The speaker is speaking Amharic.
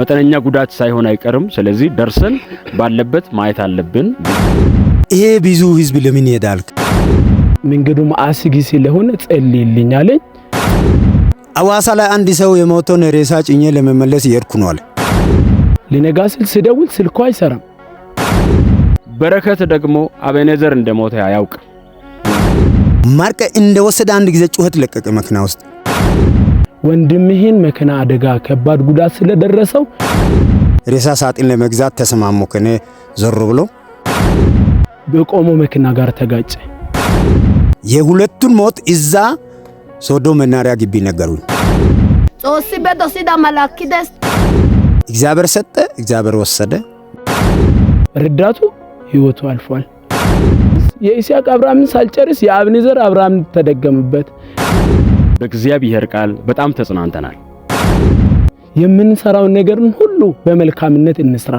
መጠነኛ ጉዳት ሳይሆን አይቀርም። ስለዚህ ደርሰን ባለበት ማየት አለብን። ይሄ ብዙ ህዝብ ለምን ይሄዳል? መንገዱም አስጊ ስለሆነ ጸልይልኝ አለኝ። አዋሳ ላይ አንድ ሰው የሞተውን ሬሳ ጭኜ ለመመለስ እየሄድኩ ነው አለ። ልነጋ ስል ስደውል ስልኩ አይሰራም። በረከት ደግሞ አቤኔዘር እንደሞተ አያውቅም። ማርቀ እንደወሰደ አንድ ጊዜ ጩኸት ለቀቀ መኪና ውስጥ ወንድምህን መኪና አደጋ ከባድ ጉዳት ስለደረሰው ሬሳ ሳጥን ለመግዛት ተስማሙ። ከኔ ዞር ብሎ በቆሞ መኪና ጋር ተጋጨ። የሁለቱን ሞት እዛ ሶዶ መናሪያ ግቢ ነገሩኝ። ጾሲ በዶሲ ዳማላኪ ደስ እግዚአብሔር ሰጠ፣ እግዚአብሔር ወሰደ። ረዳቱ ህይወቱ አልፏል። የኢስያቅ አብርሃምን ሳልጨርስ የአብኒዘር አብርሃም ተደገመበት። በእግዚአብሔር ቃል በጣም ተጽናንተናል። የምንሰራውን ነገርን ሁሉ በመልካምነት እንስራ።